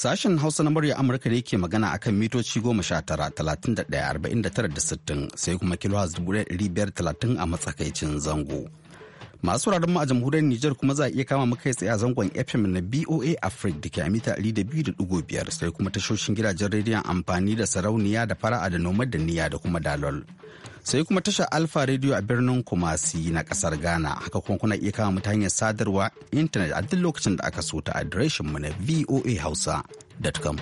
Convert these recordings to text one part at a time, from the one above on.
Sashen Hausa na murya Amurka ne ke magana akan mitoci goma sha tara talatin da ɗaya arba'in da tara da sittin sai kuma kilo dubu biyar talatin a matsakaicin zango. Masu wuraren mu a jamhuriyar Nijar kuma za a iya kama muka tsaye a zangon FM na BOA Africa da ke a mita biyar sai kuma tashoshin gidajen rediyon amfani da sarauniya da fara'a da nomad da niya da kuma dalol. Sai kuma tashar Alfa Radio a birnin Kumasi na kasar Ghana haka kuma kuna iya kama mu ta hanyar sadarwa intanet a duk lokacin da aka so ta adireshin mu na voahausa.com.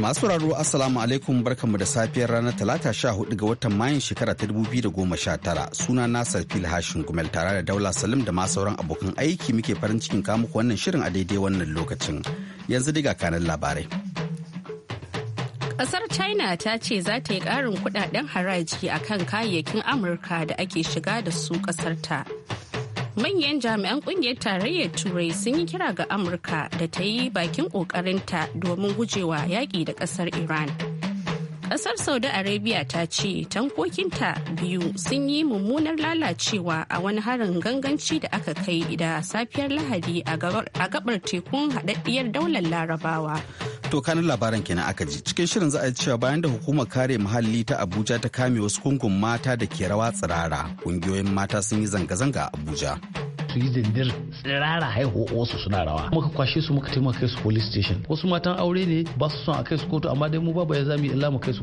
Masu raro Assalamu alaikum barkanmu da safiyar ranar Talata sha hudu ga watan Mayun shekara ta dubu biyu da goma sha tara suna Nasar Fil Hashin Gumel tare da Daula Salim da ma sauran abokan aiki muke farin cikin kamuku wannan shirin a daidai wannan lokacin. Yanzu diga kanan labarai. Kasar China ta ce za ta yi ƙarin kudaden haraji akan kayayyakin Amurka da ake shiga da su ƙasarta. ta. manyan jami'an kungiyar tarayyar turai sun yi kira ga amurka da ta yi bakin kokarinta domin gujewa yaƙi da ƙasar iran ƙasar saudi arabia ta ce tankokinta biyu sun yi mummunar lalacewa a wani harin ganganci da aka kai da safiyar lahadi a gabar tekun haɗaɗɗiyar daular larabawa To kanin labaran kenan aka ji cikin shirin za a cewa bayan da hukumar kare muhalli ta Abuja ta kame wasu kungun mata da ke rawa tsirara kungiyoyin mata sun yi zanga-zanga a Abuja. su yi zindir tsirara haihu wasu suna rawa muka kwashe su muka taimaka su police station wasu matan aure ne ba su son a kai su kotu amma dai mu babu ya zami illa mu kai su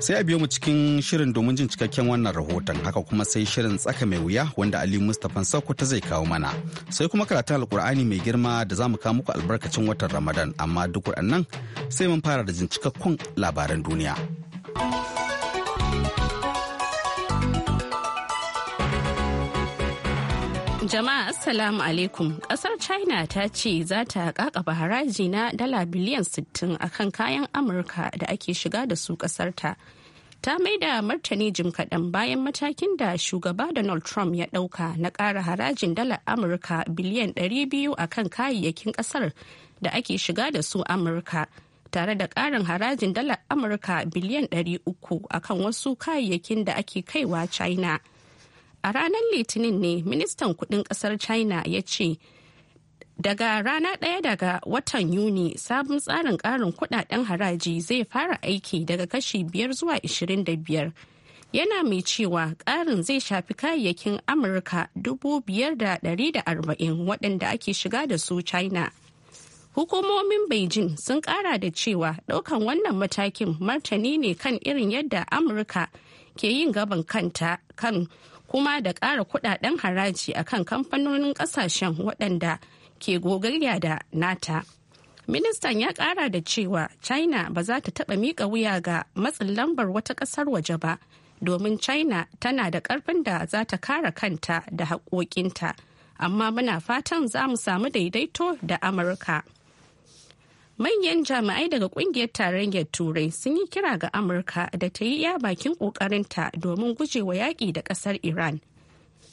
sai a biyo mu cikin shirin domin jin cikakken wannan rahoton haka kuma sai shirin tsaka mai wuya wanda ali mustapha ta zai kawo mana sai kuma karatun alkur'ani mai girma da za mu kawo muku albarkacin watan ramadan amma duk waɗannan sai mun fara da jin cikakkun labaran duniya Jama'a Assalamu alaikum. ƙasar China ta ce za ta kakaba haraji na dala biliyan 60 akan kayan Amurka da ake shiga da su kasarta ta maida martani jim kaɗan bayan matakin da shugaba donald trump ya ɗauka na ƙara harajin dalar amurka biliyan 200 a kan kayayyakin ƙasar da ake shiga da su amurka tare da ƙarin harajin dalar amurka biliyan 300 a kan wasu kayayyakin da ake kaiwa china a ranar litinin ne ministan kuɗin ƙasar china ya ce Daga rana ɗaya daga watan Yuni sabon tsarin ƙarin kuɗaɗen haraji zai fara aiki daga kashi biyar zuwa ishirin da biyar Yana mai cewa ƙarin zai shafi kayayyakin Amurka arba'in waɗanda ake shiga da su China. Hukumomin Beijing sun ƙara da cewa ɗaukan wannan matakin martani ne kan irin yadda Amurka ke yin gaban kanta kan kuma da ƙara kuɗaɗen haraji akan kamfanonin ƙasashen waɗanda ke gogayya da nata ministan ya kara da cewa china ba za ta taba mika wuya ga matsin lambar wata kasar waje ba domin china tana da karfin da za ta kara kanta da haƙoƙinta amma muna fatan za mu samu daidaito da amurka manyan jami'ai daga kungiyar tarayyar turai sun yi kira ga amurka da ta yi iya bakin ƙoƙarinta domin gujewa yaƙi da ƙasar iran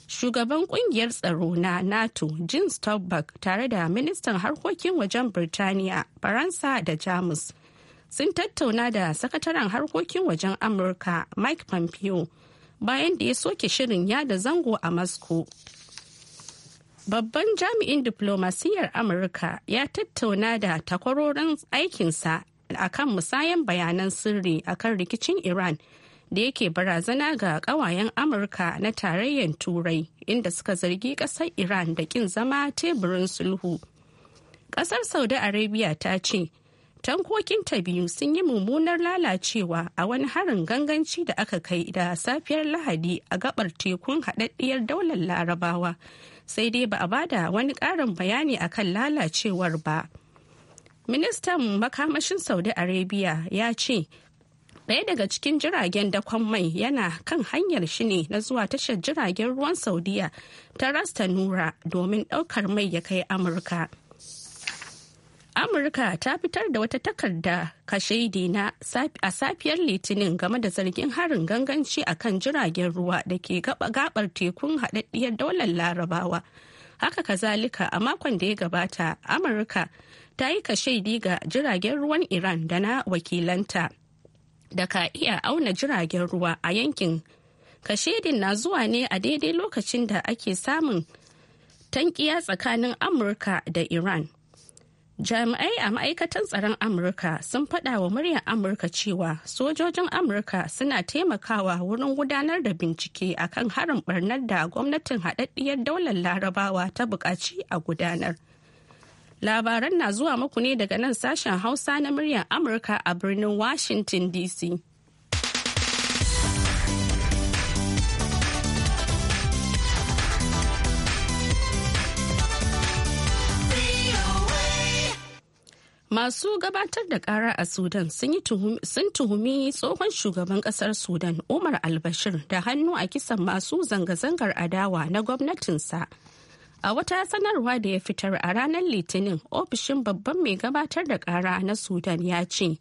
shugaban kungiyar tsaro na nato jim stolberg tare da ministan harkokin wajen birtaniya faransa da jamus sun tattauna da sakataren harkokin wajen amurka mike pompeo bayan da ya soke shirin yada zango a moscow babban jami'in diplomasiyyar amurka ya tattauna da takwarorin aikinsa akan musayan bayanan sirri akan rikicin iran da yake barazana ga kawayen amurka na tarayyar turai inda suka zargi kasar iran da kin zama teburin sulhu kasar saudi arabia ta ce tankokinta biyu sun yi mummunar lalacewa a wani harin ganganci da aka kai da safiyar lahadi a gabar tekun haɗaɗɗiyar daular larabawa sai dai ba a bada wani ƙarin bayani a kan lalacewar ba ministan makamashin saudi arabia ya ce Ɗaya daga cikin jiragen dakon mai yana kan hanyar shi ne na zuwa tashar jiragen ruwan Saudiya ta Rasta Nura domin ɗaukar mai ya kai Amurka. Amurka ta fitar da wata takarda kashaidi na a safiyar Litinin game da zargin harin ganganci a kan jiragen ruwa da ke gabar tekun haɗaɗɗiyar daular Larabawa. Haka kazalika a makon da ya gabata, Amurka ta yi kashaidi ga jiragen ruwan Iran da na wakilanta. da ka iya auna jiragen ruwa a yankin kashedin na zuwa ne a daidai lokacin da ake samun tankiya tsakanin amurka da iran jami'ai a ma'aikatan tsaron amurka sun faɗawa wa muryar amurka cewa sojojin amurka suna taimakawa wurin gudanar da bincike akan harin barnar da gwamnatin haɗaɗɗiyar daular larabawa ta buƙaci a gudanar Labaran na zuwa muku ne daga nan sashen Hausa na muryar Amurka a birnin Washington DC. Masu gabatar da kara a Sudan sun tuhumi tsohon shugaban kasar Sudan Umar Albashir da hannu a kisan masu zanga-zangar adawa na gwamnatinsa a wata sanarwa da ya fitar a ranar litinin ofishin babban mai gabatar da ƙara na sudan ya ce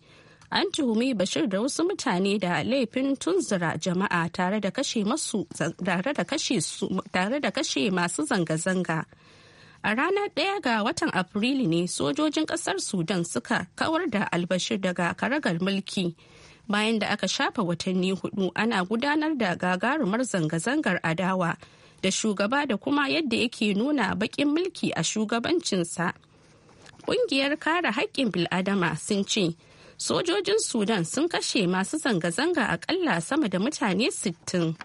an tuhumi bashir da wasu mutane da laifin tunzura jama'a tare da kashe masu zanga-zanga a ranar ɗaya ga watan afrilu ne sojojin ƙasar sudan suka kawar da albashir daga karagar mulki bayan da aka shafa watanni hudu ana gudanar da gagarumar zanga-zangar adawa da shugaba da kuma yadda yake nuna baƙin mulki a shugabancinsa. Ƙungiyar kare haƙƙin bil'adama sun ce sojojin Sudan sun kashe masu zanga-zanga aƙalla sama da mutane sittin.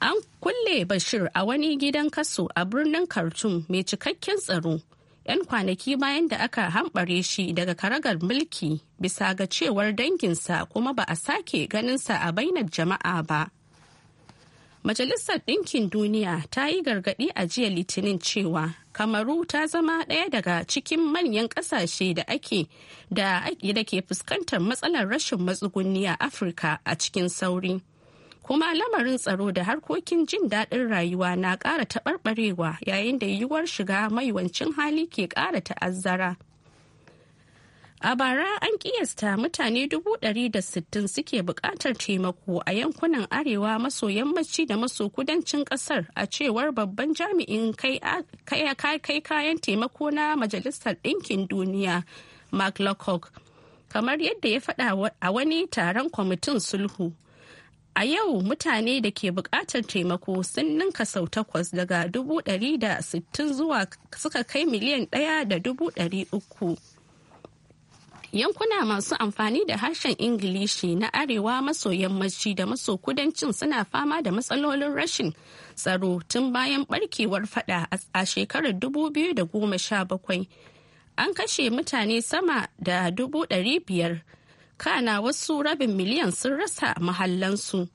An kulle Bashir a wani gidan kaso a birnin Khartoum mai cikakken tsaro. 'yan kwanaki bayan da aka hambare shi daga karagar mulki bisa ga cewar danginsa kuma ba a sake ganinsa a bainar jama'a ba. Majalisar Ɗinkin Duniya ta yi gargaɗi a jiya Litinin cewa Kamaru ta zama ɗaya daga cikin manyan ƙasashe da ake da ke fuskantar matsalar rashin matsugunni a Afirka a cikin sauri. Kuma lamarin tsaro da harkokin jin daɗin rayuwa na ƙara taɓarɓarewa yayin da yiwuwar shiga maiwancin hali ke ƙara ta'azzara. A bara an kiyasta mutane dubu ɗari da sittin suke bukatar taimako a yankunan arewa maso yammaci da maso kudancin ƙasar a cewar babban jami'in kai kayan taimako na Majalisar Ɗinkin Duniya, Mark Lockhock. kamar yadda ya faɗa a wani taron kwamitin sulhu. A yau mutane da ke bukatar taimako sun ninka sau takwas daga dubu zuwa suka kai miliyan ɗaya da dubu yankuna masu amfani da harshen ingilishi na arewa maso yammaci da maso kudancin suna fama da matsalolin rashin tsaro tun bayan barkewar fada a shekarar 2017 an kashe mutane sama da 500,000 kana wasu rabin miliyan sun rasa mahallansu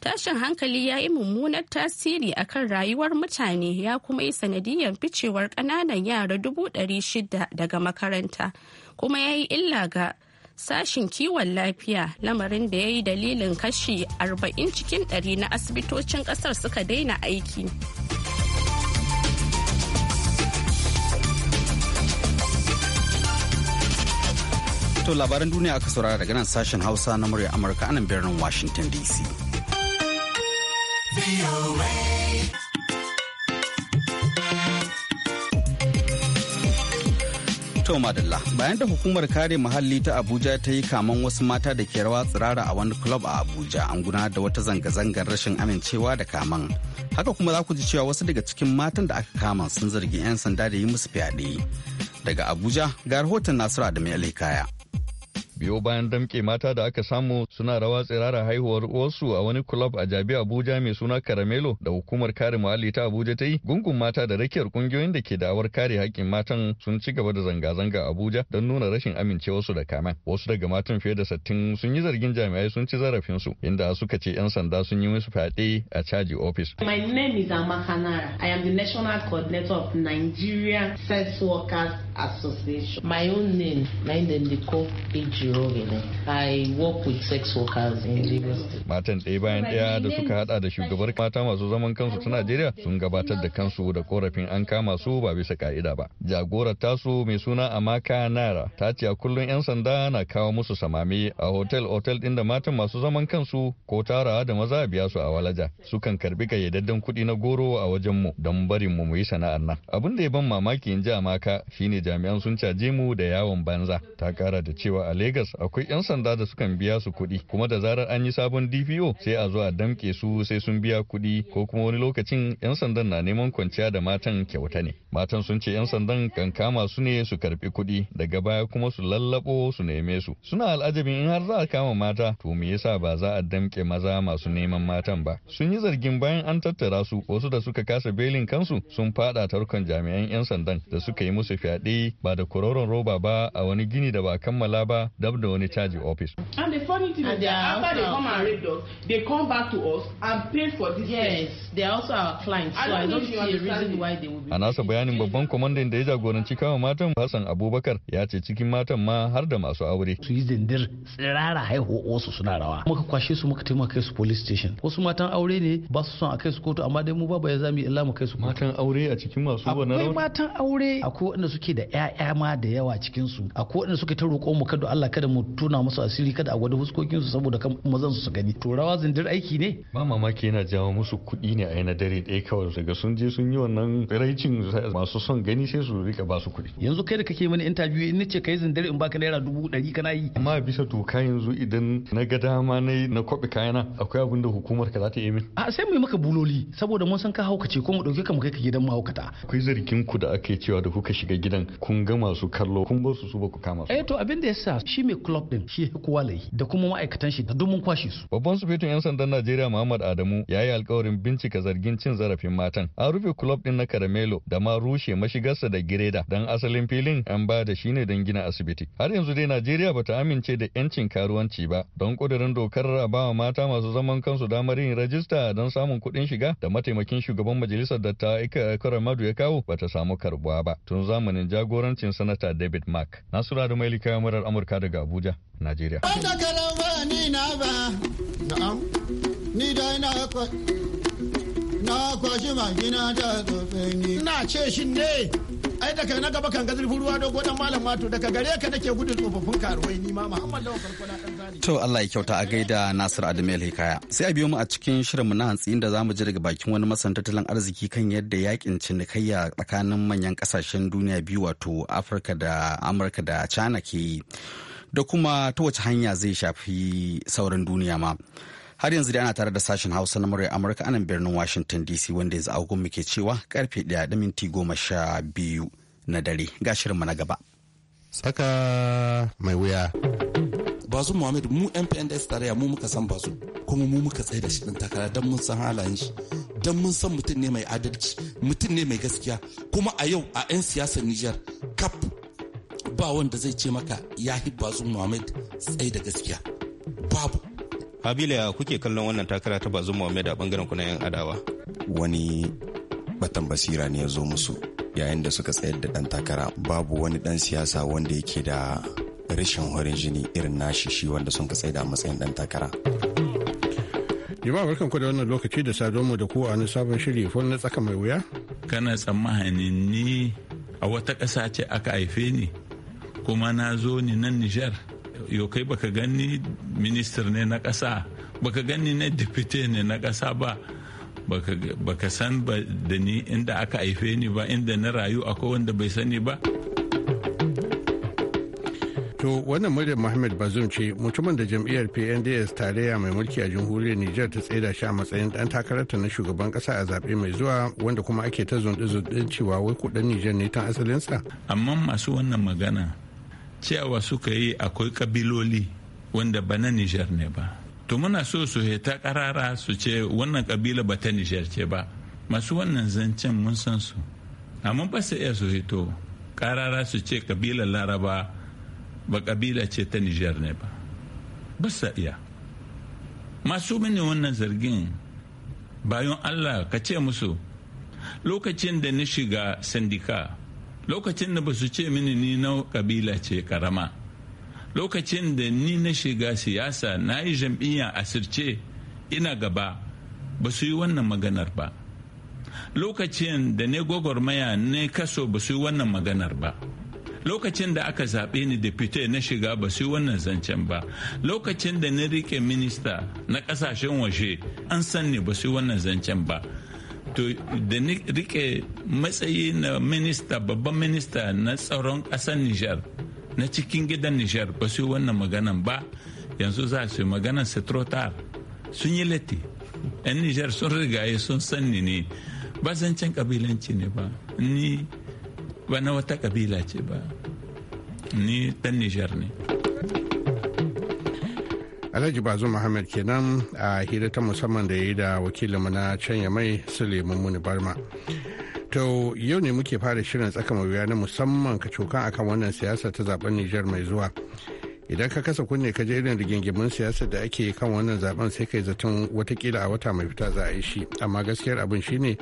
tashin hankali ya yi mummunar tasiri akan rayuwar mutane ya kuma yi sanadiyar ficewar ƙananan yara dubu daga makaranta kuma ya yi illa ga sashin kiwon lafiya lamarin da ya yi dalilin kashi 40 cikin 100 na asibitocin kasar suka daina aiki. To labaran duniya aka saurara daga nan sashen Hausa na murya Amurka anan birnin Washington DC. To madalla bayan da hukumar kare muhalli ta Abuja ta yi kaman wasu mata da ke rawa tsirara a wani club a Abuja an guna da wata zanga-zangar rashin amincewa da kaman. Haka kuma za ku ji cewa wasu daga cikin matan da aka kama sun zargi 'yan sanda da yi musu fyaɗe. Daga Abuja ga rahoton Nasiru Adamu kaya. biyo bayan damke mata da aka samu suna rawa tsirara haihuwar uwarsu a wani club a jabi abuja mai suna karamelo da hukumar kare muhalli ta abuja ta yi gungun mata da rakiyar kungiyoyin da ke da'awar kare haƙƙin matan sun ci gaba da zanga-zanga abuja don nuna rashin amincewarsu da kamen wasu daga matan fiye da sattin sun yi zargin jami'ai sun ci zarafinsu inda suka ce 'yan sanda sun yi musu fyaɗe a caji ofis. my name is amakanara i am the national coordinator of nigeria sex workers association my own name na dem dey call Matan ɗaya bayan ɗaya da suka hada da shugabar mata masu zaman kansu ta Najeriya sun gabatar da kansu da korafin an kama su ba bisa ka'ida ba. Jagorar tasu mai suna Amaka Naira ta ce a kullum 'yan sanda na kawo musu samami a hotel-hotel ɗin da matan masu zaman kansu ko tara da maza biya su a walaja. Sukan karbi kayyadaddan kuɗi na goro a wajen mu don barin mu yi sana'ar nan. Abin da ya ban mamaki in ji Amaka shine jami'an sun caje mu da yawon banza. Ta kara da cewa a Lagos Legas akwai 'yan sanda da sukan biya su kuɗi kuma da zarar an yi sabon DPO sai a zo a damƙe su sai sun biya kuɗi ko kuma wani lokacin 'yan sandan na neman kwanciya da matan kyauta ne. Matan sun ce 'yan sandan kan kama su ne su karɓi kuɗi daga baya kuma su lallaɓo su neme su. Suna al'ajabin in har za a kama mata to me yasa ba za a damƙe maza masu neman matan ba. Sun yi zargin bayan an tattara su wasu da suka kasa belin kansu sun faɗa tarkon jami'an 'yan sandan da suka yi musu fyaɗe ba da kororon roba ba a wani gini da ba kammala ba da dab da wani caji office. And the funny thing is that after they come and rape us, they come back to us and pay for this Yes, they are also our clients, so I don't see the reason why they will be. A nasa bayanin babban kwamandan da ya jagoranci kama matan Hassan Abubakar ya ce cikin matan ma har da masu aure. Su yi zindir tsirara haihuwa wasu suna rawa. Muka kwashe su muka taimaka kai su police station. Wasu matan aure ne ba su son a kai su kotu amma dai mu ba ya zamu illa mu kai su. Matan aure a cikin masu wani Akwai matan aure akwai wanda suke da 'ya'ya ma da yawa cikin su. Akwai wanda suke ta roƙo mu kada Allah kada mu tuna musu asiri kada a gwada fuskokin su saboda kan mazan su gani to rawa zindir aiki ne ba mamaki yana jawo musu kuɗi ne a yana dare ɗaya kawai daga sun je sun yi wannan raicin masu son gani sai su rika ba su kuɗi yanzu kai da kake mani interview in nace kai zindir in baka naira dubu ɗari kana yi amma bisa doka yanzu idan na ga dama na na kwaɓe kayana akwai abin da hukumar ka za ta yi min a sai mu yi maka buloli saboda mun san ka haukace ko mu ɗauke ka mu kai ka gidan haukata. akwai zargin ku da ake cewa da kuka shiga gidan kun ga masu kallo kun bar su su ba ku kama su eh to abin da yasa shi mai club din shi ya kowa da kuma ma'aikatan shi da mun kwashe su babban sufetun yan sandan najeriya muhammad adamu ya yi alkawarin bincika zargin cin zarafin matan an rufe club din na karamelo da ma rushe mashigarsa da gireda dan asalin filin an ba da shine ne don gina asibiti har yanzu dai najeriya bata amince da yancin karuwanci ba don kudirin dokar wa mata masu zaman kansu damar yin rajista don samun kuɗin shiga da mataimakin shugaban majalisar dattawa ika karamadu ya kawo bata samu karbuwa ba tun zamanin jagorancin sanata david mark nasura da mailika murar amurka daga daga Abuja, Najeriya. na ce shi ne, ai daga na gaba kan gazirfin ruwa dogo dan malam mato daga gare ka nake gudun tsofaffin karuwai ni ma Muhammad Lawan Karkona dan zani. To Allah ya kyauta a gaida Nasir Adamu Hikaya. Sai a biyo mu a cikin shirin mu na hantsi inda zamu ji daga bakin wani masan tattalin arziki kan yadda yakin cinikayya tsakanin manyan kasashen duniya biyu wato Afirka da Amurka da China ke yi. da kuma ta wace hanya zai shafi sauran duniya ma. Har yanzu da ana tare da sashen Hausa na murya Amurka anan birnin Washington DC wanda yanzu agogon muke cewa karfe 1 da minti goma sha biyu na dare ga shirinmu na gaba. Saka mai wuya. bazu muhammad mu mpns tarayya mu muka san bazu kuma mu muka tsaye da shi ɗin takara don mun san halayen shi don mun san mutum ne mai adalci mutum ne mai gaskiya kuma a yau a 'yan siyasar nijar cap ba wanda zai ce maka ya hibba zum muhammad tsaye da gaskiya babu habila kuke kallon wannan takara ta bazu muhammad a bangaren kuna yan adawa wani batan basira ne ya zo musu yayin da suka tsayar da dan takara babu wani dan siyasa wanda yake da rashin horin jini irin nashi shi wanda sun ka da matsayin dan takara jama'a barkan da wannan lokaci da sadon mu da ku a wani sabon shiri fon na tsaka mai wuya kana tsammanin ni a wata ƙasa ce aka haife ni kuma na zo ni nan nijar yau kai baka gani minister ne na ƙasa baka gani na deputy ne na ƙasa ba baka san ba da ni inda aka haife ni ba inda na rayu akwai wanda bai sani ba to wannan muryar muhammad bazum ce mutumin da jam'iyyar pnds tarayya mai mulki a jamhuriyar niger ta tsaida shi a matsayin dan takararta na shugaban kasa a zaɓe mai zuwa wanda kuma ake ta zunɗe-zunɗen cewa wai kuɗin niger ne ta asalinsa amma masu wannan magana cewa suka yi akwai kabiloli wanda ba na nijar ne ba to muna so su heta karara su ce wannan kabila ba ta nijar ce ba masu wannan zancen mun san su amma ba su iya su hito karara su ce kabila laraba ba kabila ce ta nijar ne ba ba su iya masu mini wannan zargin bayan allah ka ce musu lokacin da ni shiga sandika lokacin da ba su ce mini ni na kabila ce karama lokacin da ni na shiga siyasa na yi jam'iyya asirce ina gaba ba su yi wannan maganar ba lokacin da ne gwagwarmaya ne kaso ba su yi wannan maganar ba lokacin da aka zaɓe ni depute na shiga ba su yi wannan zancen ba lokacin da na rike minista na ƙasashen waje an san ne ba su yi wannan zancen ba to da rike matsayi na minista babban minista na tsaron ƙasar nijar na cikin gidan nijar ba su yi wannan maganan ba yanzu za su yi maganan setrotar sun yi latti 'yan nijar sun rigaye sun sanni ne ba zancen kabilanci ne ba ni ba na wata kabila ce ba ni dan nijar ne alhaji bazu muhammad kenan a hira ta musamman da ya yi da wakilinmu na can mai suleiman muni barma to yau ne muke fara shirin tsaka mawuya na musamman ka cokan akan wannan siyasa ta zaben nijar mai zuwa idan ka kasa kunne ka je irin rigingimin siyasa da ake kan wannan zaben sai kai zaton watakila a wata mai fita za a yi shi amma gaskiyar abin shine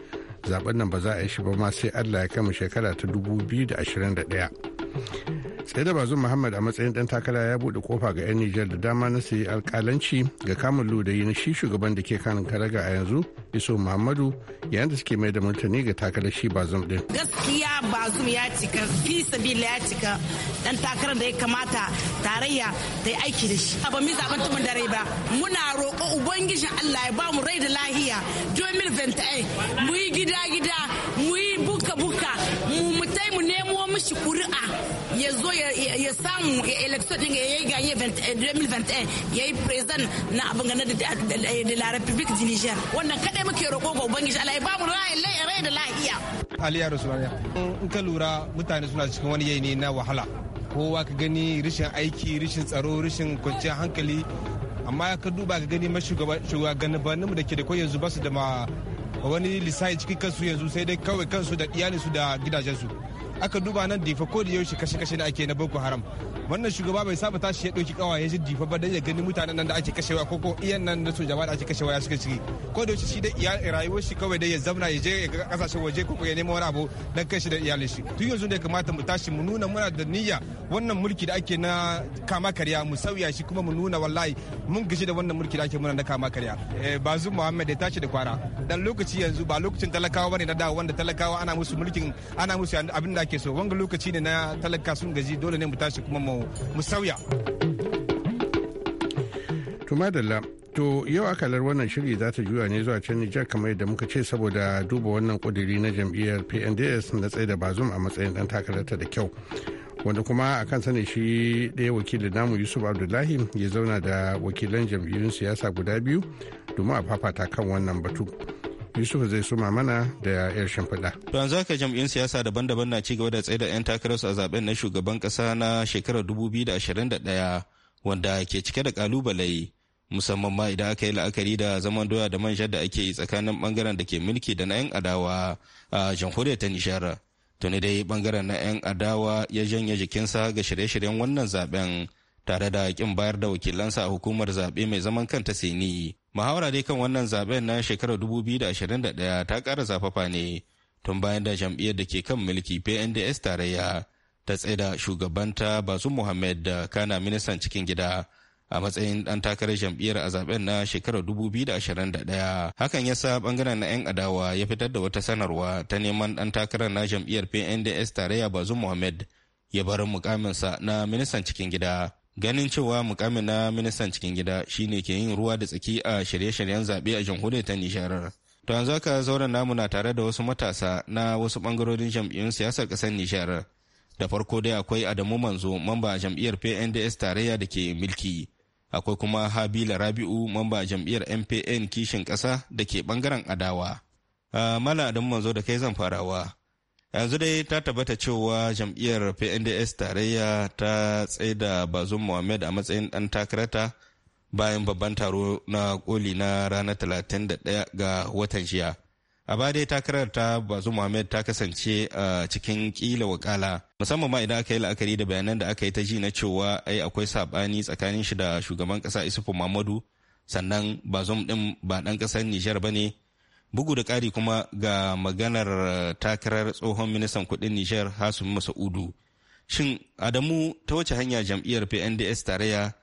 zaben nan ba za a yi shi ba ma sai allah ya kai mu shekara ta 2021 sai da bazum muhammad a matsayin dan takara ya bude kofa ga 'yan nijar da dama na sayi alkalanci ga kamun ludayi na shi shugaban da ke kanin karaga a yanzu iso muhammadu yayin da suke mai da martani ga takarar shi bazum din gaskiya bazum ya cika fi sabila ya cika dan takarar da ya kamata tarayya ta yi aiki da shi ba mu zaben tumun da rai ba muna roƙo ubangijin allah ya ba mu rai da lahiya 2021 mu yi gida gida mu yi buka buka mu mashi kuri'a ya zo ya samu ya election din ya yi ganye 2021 eh, eh, ya yi president na abin gane da la republic di niger wannan kadai muke roƙo ga ubangiji allah ya ba mu rai da lahiya aliya rasulaniya in ka lura mutane suna cikin wani yayi na wahala kowa ka gani rashin aiki rashin tsaro rashin kwanciyar hankali amma ka duba ka gani mashugabanninmu da ke da yanzu ba su da wani lissafi cikin kansu yanzu sai dai kawai kansu da iyalinsu da gidajensu aka duba nan difa ko da yaushe kashe-kashe da ake na boko haram wannan shugaba bai saba tashi ya dauki kawa ya jiddifa ba dan ya gani mutanen nan da ake kashewa ko ko iyan nan da sojawa da ake kashewa ya suka ciki ko da shi da rayuwar shi kawai dai ya zauna ya je ya kasashen waje ko ya nemo wani abu dan kai shi da iyalin shi tun yanzu da kamata mu tashi mu nuna muna da niyya wannan mulki da ake na kama karya mu sauya shi kuma mu nuna wallahi mun gaji da wannan mulki da ake muna na kama karya eh, bazu muhammad ya tashi da kwara dan lokaci yanzu ba lokacin talakawa bane na da wanda talakawa ana musu mulkin ana musu abin da ake so wanga lokaci ne na talaka sun gaji dole ne mu tashi kuma mu mu sauya. Tumadala, To yau akalar wannan shiri za ta juya ne zuwa can Nijar kamar yadda muka ce saboda duba wannan ƙudiri na jam'iyyar PNDS na tsaye da bazum a matsayin dan takararta da kyau. Wanda kuma a kan sani shi ɗaya wakilin namu Yusuf Abdullahi ya zauna da wakilan jam'iyyun siyasa guda biyu domin a fafata kan wannan batu. Yusuf zai suma mana da yar shimfiɗa. To yanzu haka jam'iyyun siyasa daban-daban na cigaba da tsaye da 'yan takararsu a zaben na shugaban kasa na shekarar 2021 wanda ke cike da ƙalubale musamman ma idan aka yi la'akari da zaman doya da manjar da ake yi tsakanin bangaren da ke mulki da na 'yan adawa a jamhuriyar ta nishara. Tuni dai bangaren na 'yan adawa ya janye jikinsa ga shirye-shiryen wannan zaben tare da kin bayar da wakilansa a hukumar zabe mai zaman kanta Sini, muhawara dai kan wannan zaben na shekarar 2021 ta ƙara zafafa ne tun bayan da jam'iyyar da ke kan mulki pnds tarayya ta tsaida shugabanta basu muhammad da kana ministan cikin gida a matsayin ɗan takarar jam'iyyar a zaben na shekarar 2021 hakan ya sa bangaren na 'yan adawa ya fitar da wata sanarwa ta neman ɗan takarar na jam'iyyar pnds tarayya bazu muhammad ya bar mukaminsa na ministan cikin gida ganin cewa mukamin na ministan cikin gida shine ke yin ruwa da tsaki a shirye-shiryen zaɓe a jamhuriyar ta nishar to yanzu haka zauren namu na tare da wasu matasa na wasu bangarorin jam'iyyun siyasar ƙasar nishar da farko dai akwai adamu manzo mamba jam'iyyar pnds tarayya da ke milki akwai kuma habila rabi'u mamba jam'iyyar mpn kishin ƙasa da ke bangaren adawa ah, mala adamu manzo da kai zan farawa yanzu dai ta tabbata cewa jam'iyyar pnds tarayya ta tsaida bazum muhammad a matsayin dan takarata bayan babban taro na koli na ranar 31 ga watan jiya a ba dai takarar ta bazu muhammad ta kasance a cikin kila wakala musamman ma idan aka yi la'akari da bayanan da aka yi ta ji na cewa ai akwai sabani tsakanin shi da shugaban kasa isufu muhammadu sannan bazum din ba dan kasar nijar ba ne bugu da ƙari kuma ga maganar eh, takarar tsohon ministan kudin nijar hasumi masa'udu shin adamu ta wace hanya jam'iyyar pnds tarayya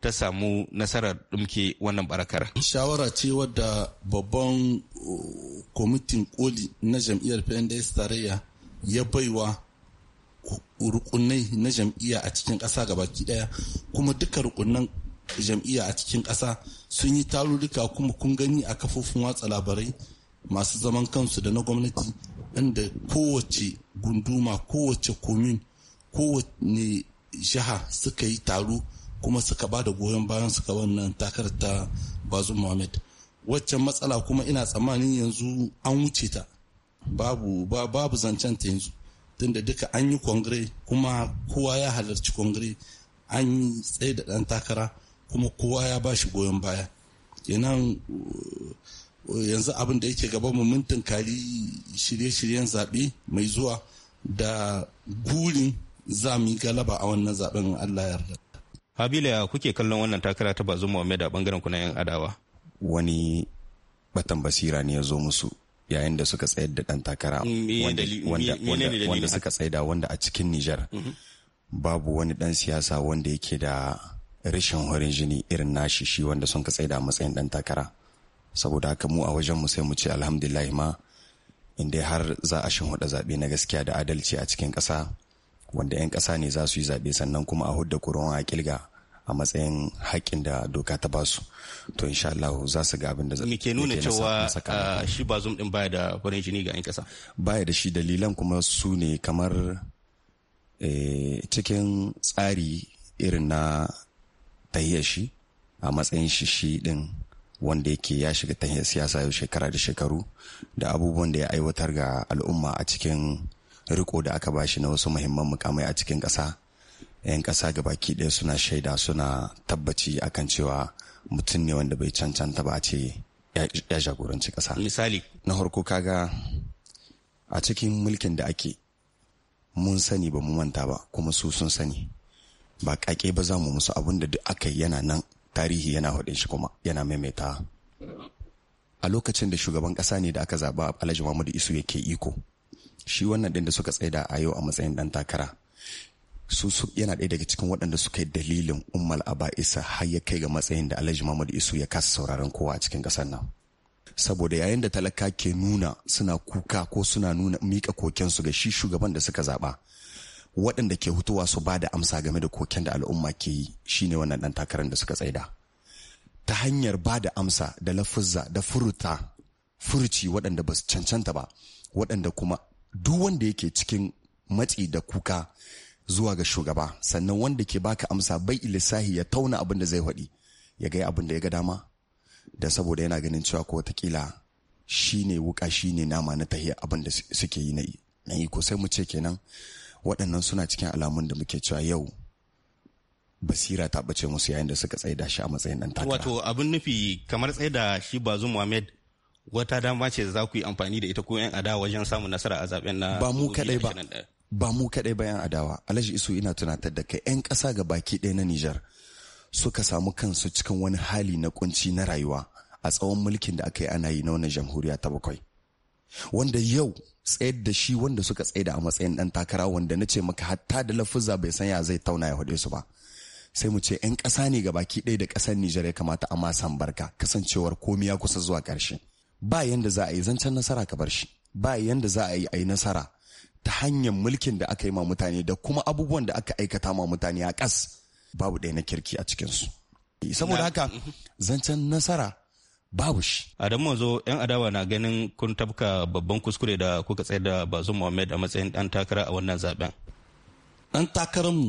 ta samu nasarar ɗumke wannan barakar shawara ce wadda babban eh, kwamitin koli na jam'iyyar pnds tarayya ya baiwa rukunai na jam'iyya a cikin ƙasa gabaki ɗaya kuma duka rukunan jam'iyya a cikin ƙasa sun yi tarurruka kuma kun gani a kafofin watsa labarai masu zaman kansu da na gwamnati inda kowace gunduma kowace komin kowane jiha suka yi taro kuma suka ba da goyon bayan suka wannan takarar ta bazu muhammad waccan matsala kuma ina tsammanin yanzu an wuce ta babu babu zancen ta yanzu tunda duka an yi kongire kuma kowa ya halarci kongire an yi tsaye da ɗan takara kuma kowa ya ba shi goyon baya kenan yanzu abin da yake gaba mu mun tunkari shirye-shiryen zaɓe mai zuwa da gurin za galaba a wannan zaɓen Allah yarda. Habila kuke kallon wannan takara ta bazu Muhammad a bangaren kuna yan adawa. Wani batan basira ne ya zo musu yayin da suka tsayar da ɗan takara mm, wanda suka tsaida wanda a cikin Nijar. Mm-hmm. Babu wani ɗan siyasa wanda yake da rashin horin jini irin nashi shi wanda sun ka tsaida matsayin ɗan takara. saboda haka mu a wajen mu sai mu ce alhamdulillah ma inda har za a shin huda zaɓe na gaskiya da adalci a cikin ƙasa wanda 'yan ƙasa ne za su yi zaɓe sannan kuma a hudda kuron a ƙilga a matsayin haƙƙin da doka ta ba su to insha Allah za su ga abin da me ke nuna cewa ah, shi ba zum din baya da farin jini ga 'yan ƙasa baya da shi dalilan kuma su ne kamar eh, cikin tsari irin na tahiyyar shi a matsayin shi shi din wanda yake ya shiga ta siyasa yau shekara da shekaru da abubuwan da ya aiwatar ga al'umma a cikin riko da aka bashi na wasu muhimman mukamai a cikin ƙasa 'yan ƙasa gabaki ɗaya suna shaida suna tabbaci akan cewa mutum ne wanda bai cancanta ba a ce ya jagoranci ƙasa misali na harko kaga a cikin mulkin da ake mun sani ba mu manta ba kuma su sun sani ba ƙaƙe ba za mu musu abun da duk aka yana nan tarihi yana haɗin shi kuma yana maimaita a lokacin da shugaban kasa ne da aka zaba alhaji muhammadu isu yake iko shi wannan din da suka tsaida a yau a matsayin ɗan takara su yana ɗaya daga cikin waɗanda suka yi dalilin ummal isa har ya kai ga matsayin da alhaji muhammadu isu ya kasa sauraron kowa a cikin ƙasar nan saboda yayin da talaka ke nuna suna kuka ko suna nuna mika kokensu ga shi shugaban da suka zaba waɗanda ke hutuwa su ba da amsa game da koken da al'umma ke yi shine wannan ɗan takarar da suka tsaida ta hanyar ba da amsa da lafuzza da furuta furuci waɗanda ba su cancanta ba waɗanda kuma duk wanda yake cikin matsi da kuka zuwa ga shugaba sannan wanda ke baka amsa bai ilisahi ya tauna abin da zai faɗi ya ga abin da ya ga dama da saboda yana ganin cewa ko watakila shi ne wuka shi ne nama na tahiya abin da suke yi na yi ko sai mu ce kenan waɗannan suna cikin alamun da muke cewa yau basira ta bace musu yayin da suka tsaida shi a matsayin ɗan takara. Wato abin nufi kamar tsaida shi bazu Muhammad wata dama ce za ku yi amfani da ita ko yan adawa wajen samun nasara a zaben na ba mu kadai ba ba mu kadai ba yan adawa Alhaji Isu ina tunatar da kai yan ƙasa ga baki ɗaya na Nijar suka samu kansu cikin wani hali na kunci na rayuwa a tsawon mulkin da aka yi ana yi na wannan jamhuriya ta bakwai wanda yau tsayar da shi wanda suka tsaida a matsayin ɗan takara wanda na ce maka hatta da lafuza bai sanya zai tauna ya hude su ba sai mu ce 'yan ƙasa ne ga baki ɗaya da ƙasar Nijar ya kamata a masan barka kasancewar komi ya kusa zuwa ƙarshe ba yanda za a yi zancen nasara ka bar shi ba yanda za a yi a yi nasara ta hanyar mulkin da aka yi ma mutane da kuma abubuwan da aka aikata ma mutane a ƙas babu ɗaya na kirki a cikinsu saboda haka zancen nasara babu shi. Adamu Mazo yan adawa na ganin kun tabka babban kuskure da kuka tsayar da Bazum Mohammed a matsayin ɗan takara a wannan zaben. takarar mu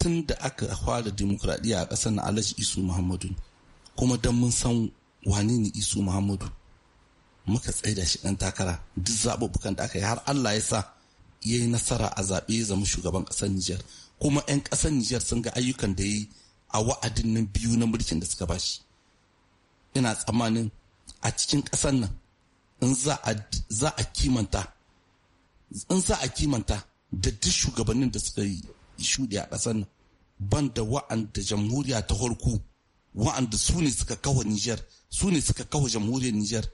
tun da aka fara dimokuraɗiyya a ƙasar na Alhaji Isu Muhammadu kuma don mun san wane ne Isu Muhammadu muka da shi ɗan takara duk zaɓuɓɓukan da aka yi har Allah ya sa ya yi nasara a zaɓe ya zama shugaban ƙasar Nijar kuma 'yan ƙasar Nijar sun ga ayyukan da ya yi a wa'adin nan biyu na mulkin da suka ba shi. ina tsammanin a cikin ƙasar nan in za a kimanta in za a kimanta da duk shugabannin da suka yi shuɗi a ƙasar nan ban da wa'anda jamhuriya ta harku wa'anda su ne suka kawo Nijar su ne suka kawo jamhuriyar Nijar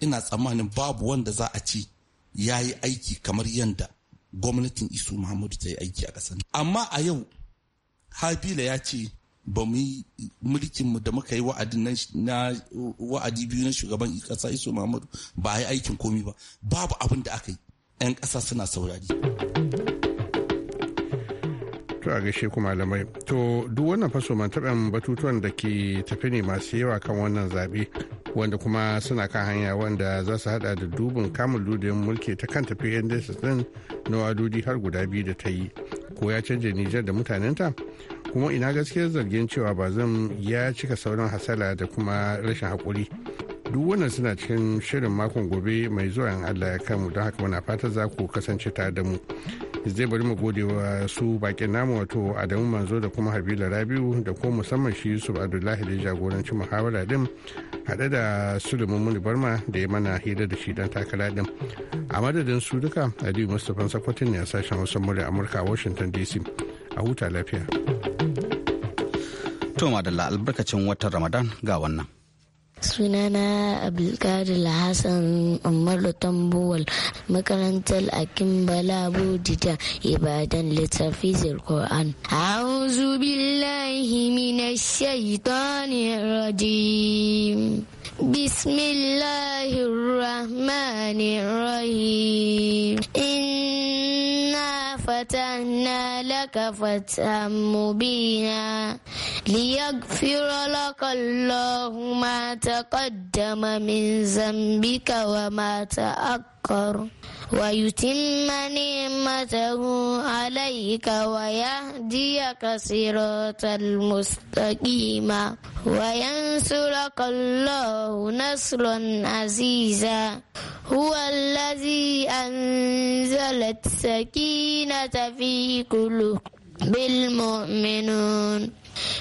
ina tsammanin babu wanda za a ce ya yi aiki kamar yadda gwamnatin isu muhammadu ta yi aiki a ƙasar amma a yau habila ya ce ba mu yi mulkin mu da muka yi wa'adi na wa'adi biyu na shugaban ƙasa iso muhammadu ba a yi aikin komi ba babu abin da aka yi 'yan ƙasa suna saurari to a gaishe kuma malamai to duk wannan faso man taɓin batutuwan da ke tafi ne masu yawa kan wannan zaɓe wanda kuma suna kan hanya wanda za su hada da dubin kamun ludin mulki ta kan tafi yan din na wadudi har guda biyu da ta yi ko ya canje nijar da mutanen ta. kuma ina gaskiyar zargin cewa ba zan ya cika sauran hasala da kuma rashin haƙuri duk wannan suna cikin shirin makon gobe mai zuwa in allah ya kamu don haka muna fata za ku kasance tare da mu zai bari mu gode wa su bakin namu wato adamu manzo da kuma habila rabiu da ko musamman shi yusuf abdullahi da jagoranci muhawara din haɗe da sulaiman muni barma da ya mana hira da shi don takara din a madadin su duka aliyu mustapha sakwatin ne a sashen wasan murya amurka a washington dc a huta lafiya. To madalla albarkacin watan Ramadan ga wannan. sunana abdulkadir hassan umaru tambuwal makarantar akin balabu dita ibadan littafizir quran a'udhu billahi minash shaitanir rajim bismillahir rahim فتحنا لك فتحا مبينا ليغفر لك الله ما تقدم من ذنبك وما تأخر ويتم نعمته عليك ويهديك صراطا مستقيما وينصرك الله نصرا عزيزا هو الذي أنزلت سكينة في قلوب بالمؤمنون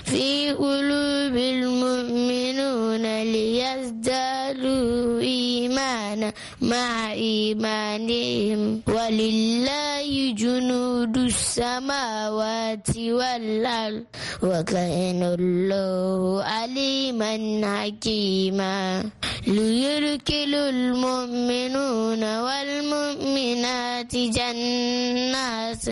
في قلوب المؤمنون ليزدادوا إيمانا مع إيمانهم ولله جنود السماوات والأرض وكان الله عليما حكيما ليركل المؤمنون والمؤمنات جنات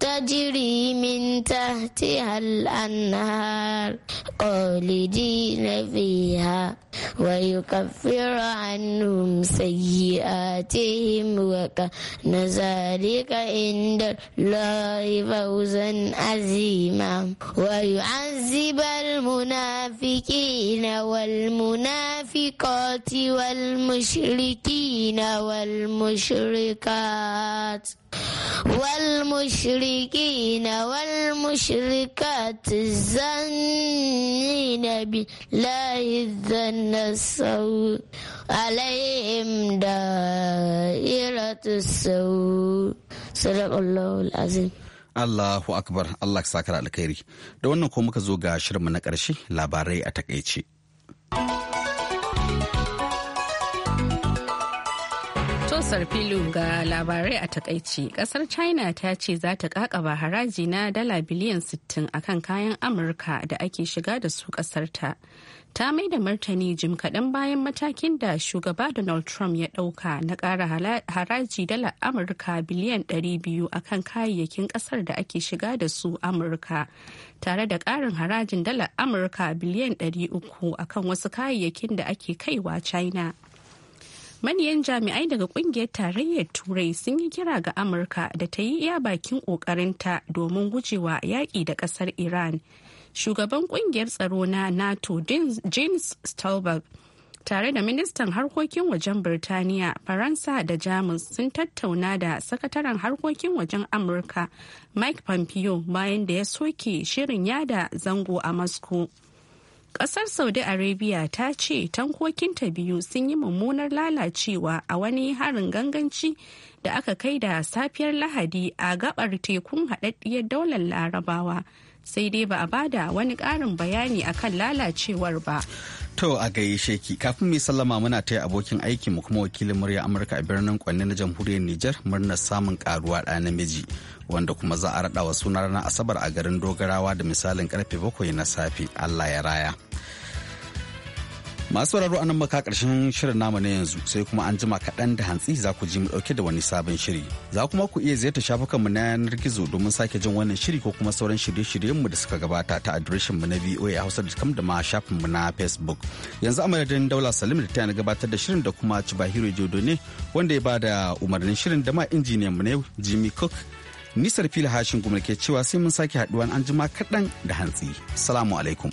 تجري من تحتها الأنهار النهار خالدين فيها ويكفر عنهم سيئاتهم وكان ذلك عند الله فوزا عظيما ويعذب المنافقين والمنافقين والمنافقات والمشركين والمشركات والمشركين والمشركات الزنين بالله الذن السوء عليهم دائرة السوء صدق الله العظيم Allahu Akbar Allah sakar alkhairi da wannan ko muka zo ga shirinmu na ƙarshe labarai a takaice. filo ga labarai a takaici kasar china ta ce za ta kakaba haraji na dala biliyan 60 akan kayan amurka da ake shiga da su kasarta ta mai da martani jim kaɗan bayan matakin da shugaba donald trump ya ɗauka na ƙara haraji dala amurka biliyan 200 akan kayayyakin ƙasar da ake shiga da su amurka tare da ƙarin harajin dala amurka biliyan 300 akan wasu kayayyakin da ake kaiwa china Manyan jami'ai daga kungiyar tarayyar Turai sun yi kira ga Amurka da ta yi iya bakin ƙoƙarinta domin gujewa yaƙi da ƙasar Iran. Shugaban kungiyar tsaro na NATO James Stolberg tare da ministan harkokin wajen Birtaniya, Faransa da Jamus sun tattauna da sakataren harkokin wajen Amurka Mike Pompeo bayan da ya soke shirin yada zango a Moscow. Kasar Saudi Arabia ta ce tankokinta biyu sun yi mummunar lalacewa a wani harin ganganci da aka kai da safiyar Lahadi a gabar tekun haɗaɗɗiyar daular Larabawa. Sai dai ba a bada wani ƙarin bayani akan lalacewar ba. To a gaishe ki kafin mu sallama muna yi abokin aiki mu kuma wakilin murya Amurka a birnin Kwanne na jamhuriyar Nijar murnar samun karuwa ɗa namiji wanda kuma za a raɗa wa suna ranar Asabar a garin Dogarawa da misalin karfe bakwai na safe Allah ya raya. Masu sauraro anan maka karshen shirin namu na yanzu sai kuma an jima kaɗan da hantsi za ku ji mu ɗauke da wani sabon shiri. Za kuma ku iya ziyarta shafukanmu na yanar gizo domin sake jin wannan shiri ko kuma sauran shirye-shiryenmu da suka gabata ta adireshin mu na VOA Hausa da kam da ma mu na Facebook. Yanzu amma da Daula Salim da ta gabatar da shirin da kuma Chibahiro Jodo ne wanda ya ba da umarnin shirin da ma injiniyan mu na Jimmy Cook. Nisar fili hashin gumar ke cewa sai mun sake haɗuwa an jima kaɗan da hantsi. Salamu alaikum.